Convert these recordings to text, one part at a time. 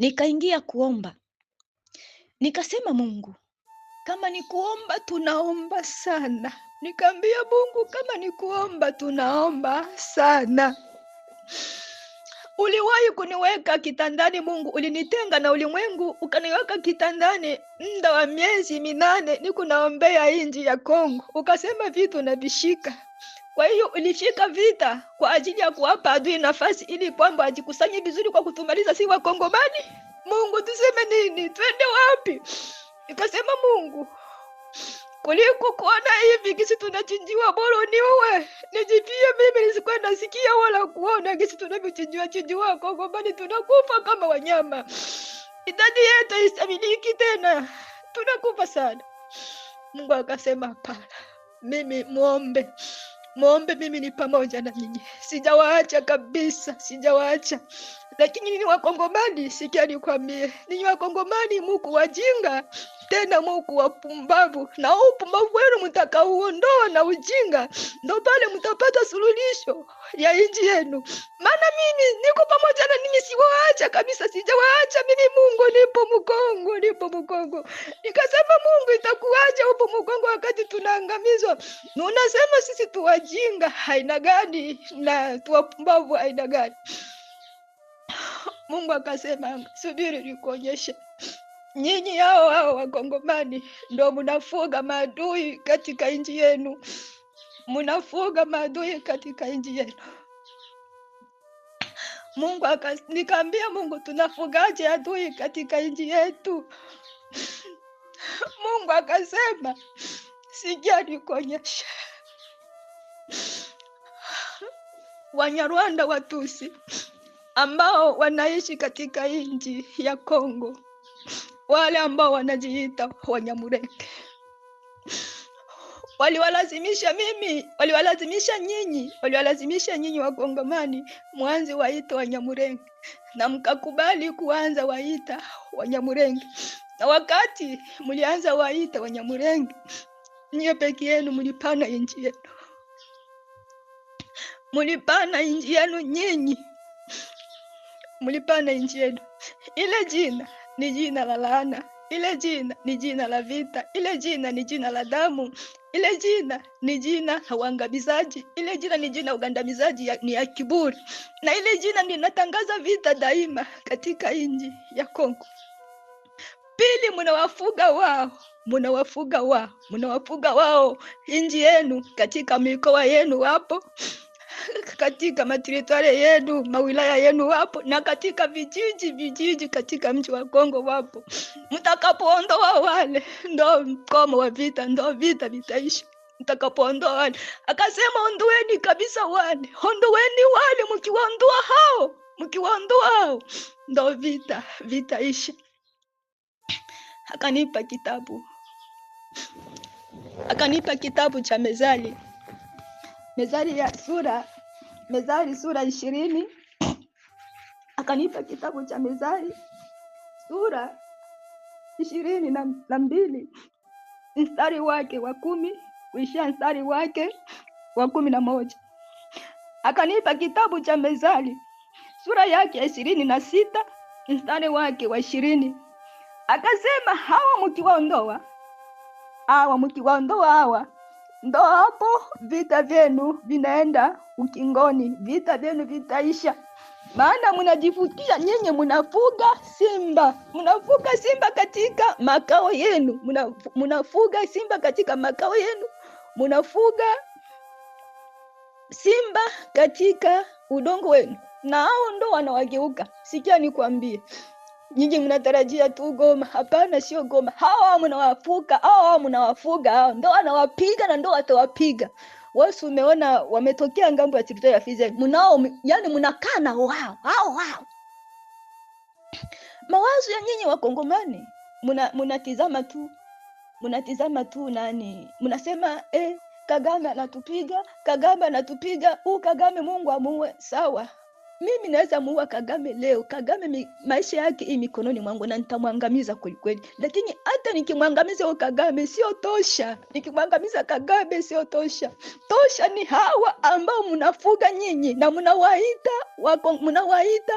Nikaingia kuomba, nikasema, Mungu kama ni kuomba tunaomba sana. Nikaambia Mungu, kama ni kuomba tunaomba sana. Uliwahi kuniweka kitandani Mungu, ulinitenga na ulimwengu ukaniweka kitandani muda wa miezi minane, nikunaombea inji ya Kongo, ukasema vitu navishika kwa hiyo ulifika vita kwa ajili ya kuwapa adui nafasi ili kwamba ajikusanye vizuri kwa kutumaliza si Wakongomani. Mungu, tuseme nini? Twende wapi? Nikasema Mungu, kuliko kuona hivi kisi tunachinjiwa, bora niuwe nijipie mimi, nisikuwe nasikia wala kuona kisi tunavyochinjiwa chinjiwa Kongomani, tunakufa kama wanyama, idadi yetu istamiliki tena, tunakufa sana. Mungu akasema hapana, mimi muombe mwombe mimi ni pamoja na nyinyi, sijawaacha kabisa, sijawaacha lakini nini Wakongomani, sikia nikwambie, ninyi Wakongomani muku wajinga tena muku wapumbavu, na upumbavu wenu mtakauondoa na ujinga, ndo pale mtapata sululisho ya inji yenu. Maana mimi niko pamoja na ninyi, siwaacha kabisa, sijawaacha mimi. Mungu nipo Mkongo, nipo Mkongo. Nikasema Mungu itakuwaja upo Mkongo wakati tunaangamizwa, nunasema sisi tuwajinga aina gani na tuwapumbavu aina gani? Mungu akasema, subiri nikuonyeshe. Nyinyi hao hao Wakongomani ndo mnafuga maadui katika nchi yenu, mnafuga maadui katika nchi yenu. Mungu akas, nikaambia Mungu, tunafugaje adui katika nchi yetu? Mungu akasema, sikia nikuonyeshe. Wanyarwanda Watusi ambao wanaishi katika nchi ya Kongo, wale ambao wanajiita wanyamurenge waliwalazimisha mimi, waliwalazimisha nyinyi, waliwalazimisha nyinyi Wakongomani mwanzi waita wanyamurenge na mkakubali kuanza waita wanyamurenge Na wakati mlianza waita wanyamurenge nyie peke yenu mlipana inji yenu, mlipana inji yenu nyinyi mlipana nchi yetu. Ile jina ni jina la laana, ile jina ni jina la vita, ile jina ni jina la damu, ile jina ni jina la uangamizaji, ile jina ni jina ugandamizaji ya, ni ya kiburi, na ile jina linatangaza vita daima katika nchi ya Kongo. Pili, mnawafuga wao mnawafuga wao mnawafuga wao nchi yenu, katika mikoa yenu wapo katika materitwari yenu, mawilaya yenu wapo, na katika vijiji vijiji, katika mji wa Kongo wapo. Mtakapoondoa wale, ndo mkomo wa vita, ndo vita vitaisha mtakapoondoa wale. Akasema ondoeni kabisa wale, ondoeni wale, mkiwaondoa hao, mkiwaondoa hao, ndo vita vitaisha. Akanipa kitabu, akanipa kitabu cha mezali Methali ya sura mezali sura ishirini. Akanipa kitabu cha mezali sura ishirini na, na mbili mstari wake wa kumi kuishia mstari wake wa kumi na moja. Akanipa kitabu cha mezali sura yake ya ishirini na sita mstari wake wa ishirini. Akasema, hawa mkiwaondoa hawa mkiwaondoa hawa ndo hapo vita vyenu vinaenda ukingoni, vita vyenu vitaisha. Maana mnajifukia nyinyi, mnafuga simba, mnafuga simba katika makao yenu, mnafuga simba katika makao yenu, mnafuga simba katika udongo wenu, na hao ndo wanawageuka. Sikia nikwambie nyinyi mnatarajia tu goma. Hapana, sio goma. Hawa wao mnawafuka, hawa wao mnawafuga, hao ndo wanawapiga na ndo watawapiga Wasi umeona wametokea ngambo ya teritoria ya Fizi, mnao yani mnakaa na wao hao wao Mawazo ya nyinyi Wakongomani mnatizama tu mnatizama tu nani, mnasema eh, Kagame anatupiga, Kagame anatupiga, huu Kagame Mungu amuue. Sawa, mimi naweza muua Kagame leo. Kagame mi, maisha yake hii mikononi mwangu na nitamwangamiza kwelikweli, lakini hata nikimwangamiza huyo Kagame sio tosha, nikimwangamiza Kagame sio tosha. Tosha ni hawa ambao mnafuga nyinyi na mnawaita wako mnawaita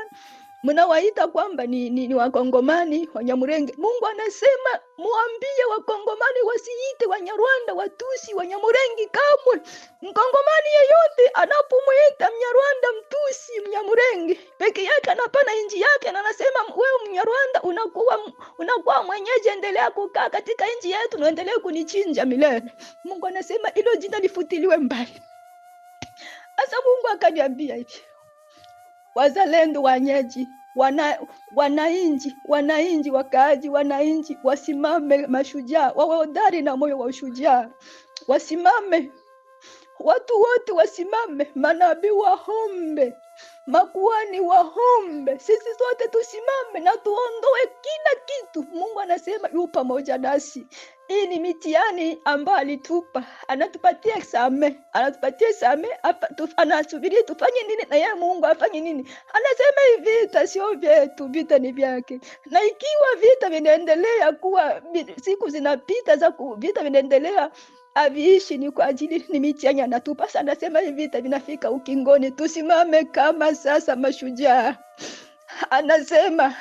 mnawaita kwamba ni, ni, ni Wakongomani Wanyamurenge. Mungu anasema mwambie Wakongomani wasiite Wanyarwanda, Watusi, Wanyamurengi kamwe. Mkongomani yeyote anapomwita Mnyarwanda Mtusi, Mnyamurengi peke yake anapana nji yake, na anasema wewe Mnyarwanda unakuwa, unakuwa mwenyeji, endelea kukaa katika nji yetu na kunichinja milele. Mungu anasema ilo jina lifutiliwe mbali. hasa Mungu akaniambia hivyo wazalendo wanyeji wana wananchi wananchi wakaaji wananchi wasimame mashujaa wawe hodari na moyo wa ushujaa wasimame watu wote wasimame manabii waombe makuani wahombe, sisi sote tusimame na tuondoe kila kitu. Mungu anasema yu pamoja nasi. Hii ni mitiani ambayo alitupa, anatupatia same, anatupatia same anasubiri tufanye nini na yeye Mungu afanye nini? Anasema hi vita sio vyetu, vita ni vyake. Na ikiwa vita vinaendelea kuwa siku zinapita za vita vinaendelea aviishi ni kwa ajili ni mitihani anatupa. anasema hivi, vita vinafika ukingoni, tusimame kama sasa mashujaa. Anasema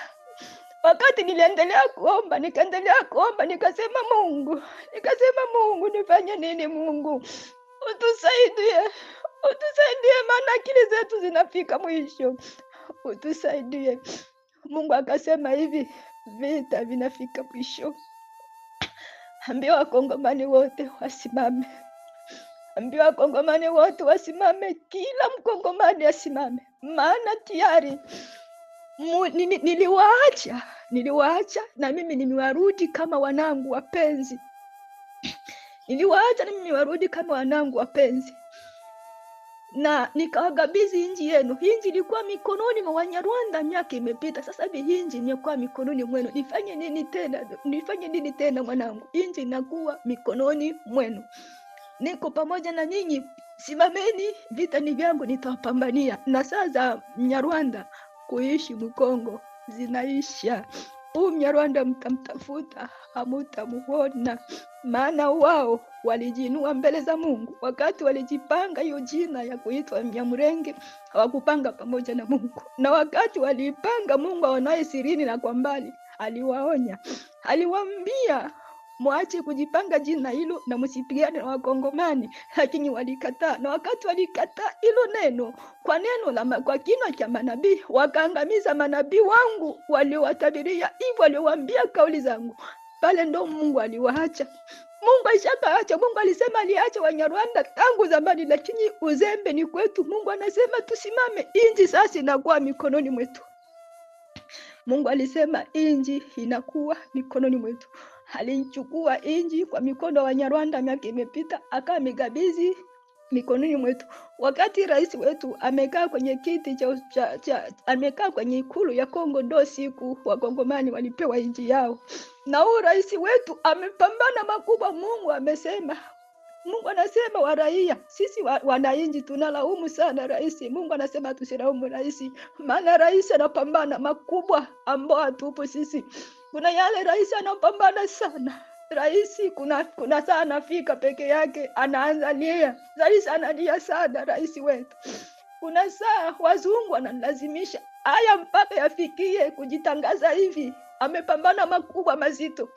wakati niliendelea kuomba, nikaendelea kuomba, nikasema Mungu, nikasema Mungu, nifanye nini? Mungu utusaidie, utusaidie, maana akili zetu zinafika mwisho, utusaidie. Mungu akasema hivi, vita vinafika mwisho. Ambia wakongomani wote wasimame, ambia wakongomani wote wasimame, kila mkongomani asimame, maana tayari niliwaacha niliwaacha na mimi nimewarudi kama wanangu wapenzi, niliwaacha na mimi niwarudi kama wanangu wapenzi na nikawagabizi inji yenu. hinji ilikuwa mikononi mwa Wanyarwanda, miaka imepita. Sasa hivi hii imekuwa mikononi mwenu, nifanye nini tena? Nifanye nini tena mwanangu? hinji inakuwa mikononi mwenu, niko pamoja na nyinyi. Simameni, vita ni vyangu, nitawapambania. Na saa za nyarwanda kuishi Mkongo zinaisha huu Mnyarwanda mkamtafuta hamutamuona, maana wao walijinua mbele za Mungu wakati walijipanga hiyo jina ya kuitwa Mnyamurenge, hawakupanga pamoja na Mungu, na wakati waliipanga Mungu aonaye sirini na kwa mbali aliwaonya, aliwaambia mwache kujipanga jina hilo na msipigane na Wakongomani. Lakini walikataa, na wakati walikataa hilo neno kwa neno la kwa kinywa cha manabii, wakaangamiza manabii wangu waliowatabiria hivyo, waliowaambia kauli zangu pale, ndo Mungu aliwaacha. Mungu aishakaacha. Mungu alisema aliacha Wanyarwanda tangu zamani, lakini uzembe ni kwetu. Mungu anasema tusimame, inji sasa inakuwa mikononi mwetu. Mungu alisema inji inakuwa mikononi mwetu alinchukua inji kwa mikono wa nyarwanda miaka imepita, akawa migabizi mikononi mwetu. Wakati rais wetu amekaa kwenye kiti cha, cha, cha amekaa kwenye ikulu ya Kongo, ndo siku wakongomani walipewa inji yao, na huu rais wetu amepambana makubwa. Mungu amesema Mungu anasema wa raia, sisi wananchi tunalaumu sana rais. Mungu anasema tusilaumu rais, maana rais anapambana makubwa ambao hatupo sisi. Kuna yale rais anapambana sana rais, kuna kuna saa anafika peke yake, anaanza lia, rais analia sana, rais wetu. Kuna saa wazungu wanalazimisha haya mpaka yafikie kujitangaza hivi. Amepambana makubwa mazito,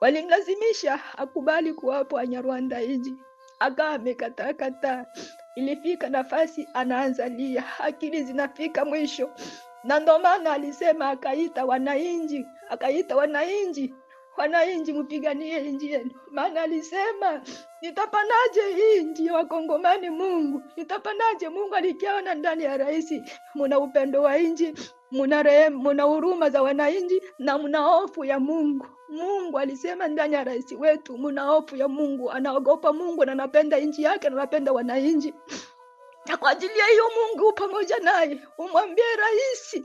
walimlazimisha akubali kuwapo Wanyarwanda hiji Aga amekatakataa Ilifika nafasi anaanzalia akili zinafika mwisho, na ndo maana alisema akaita wananchi, akaita wananchi wananchi mpiganie inji yenu, maana alisema nitapanaje inji ya Wakongomani? Mungu nitapanaje? Mungu alikiona ndani ya rahisi muna upendo wa inji muna rehema, muna huruma za wananchi na muna hofu ya Mungu. Mungu alisema ndani ya rais wetu muna hofu ya Mungu, anaogopa Mungu na anapenda nchi yake na anapenda wananchi. Na kwa ajili ya hiyo Mungu pamoja naye, umwambie rais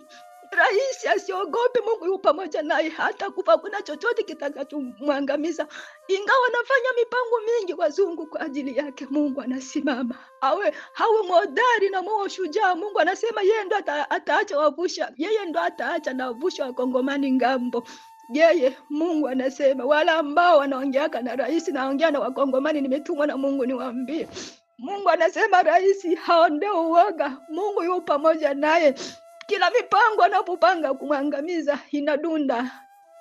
rahisi, asiogope. Mungu yu pamoja naye, hata kufa kuna chochote kitakachomwangamiza. Ingawa anafanya mipango mingi wazungu kwa ajili yake, Mungu anasimama. Awe hawe mhodari na moyo shujaa. Mungu anasema yeye ndo ata, ataacha wavusha, yeye ndo ataacha na wavusha wakongomani ngambo yeye Mungu anasema wale ambao wanaongeaka na rais, naongea na Wakongomani, nimetumwa na Mungu niwaambie. Mungu anasema rais haondoe uoga, Mungu yupo pamoja naye. Kila mipango anapopanga kumwangamiza inadunda.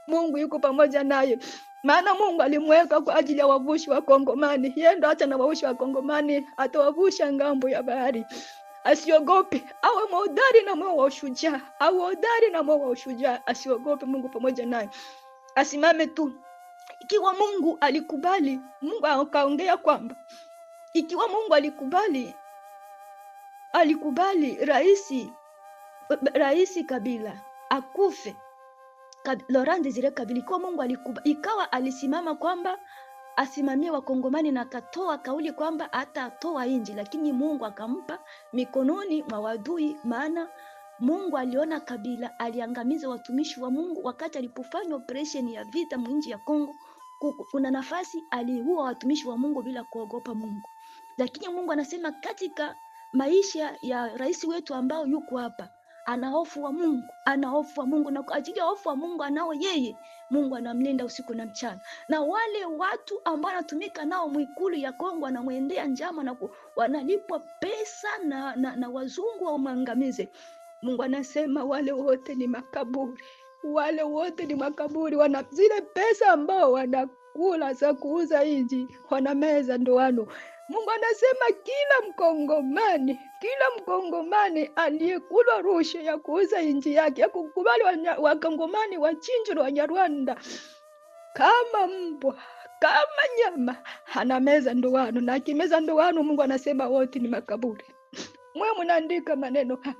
Mungu yuko pamoja naye, maana Mungu alimweka kwa ajili ya wavushi wa Kongomani. Yeye ndo hata na wavushi wa Kongomani atawavusha ngambo ya bahari. Asiogope, awe mahodari na moyo wa ushujaa, awe hodari na moyo wa ushujaa, asiogope. Mungu pamoja naye, asimame tu. Ikiwa Mungu alikubali, Mungu akaongea kwamba ikiwa Mungu alikubali, alikubali raisi Raisi Kabila akufe Kab, Laurent Desire Kabila, ikiwa Mungu alikuba, ikawa alisimama kwamba asimamie Wakongomani na akatoa kauli kwamba hata atoa nje, lakini Mungu akampa mikononi mwa wadui. Maana Mungu aliona Kabila aliangamiza watumishi wa Mungu wakati alipofanya operation ya vita mwinji ya Kongo. Kuna nafasi aliua watumishi wa Mungu bila kuogopa Mungu, lakini Mungu anasema katika maisha ya rais wetu ambao yuko hapa ana hofu wa Mungu, ana hofu wa Mungu, na ya hofu wa Mungu anao yeye, Mungu anamlinda usiku na mchana. Na wale watu ambao wanatumika nao mwikulu ya Kongo wanamwendea njama na wanalipwa pesa na, na, na wazungu waumwangamize. Mungu anasema wale wote ni makaburi, wale wote ni makaburi. Wana zile pesa ambao wanakula za kuuza inji, wanameza ndoano. Mungu anasema kila Mkongomani kila mkongomani aliyekulwa rushe ya kuuza inji yake ya kukubali wakongomani wachinjwe Wanyarwanda kama mbwa kama nyama, anameza ndoano, na akimeza ndoano, Mungu anasema wote ni makaburi. Mwe munaandika maneno haya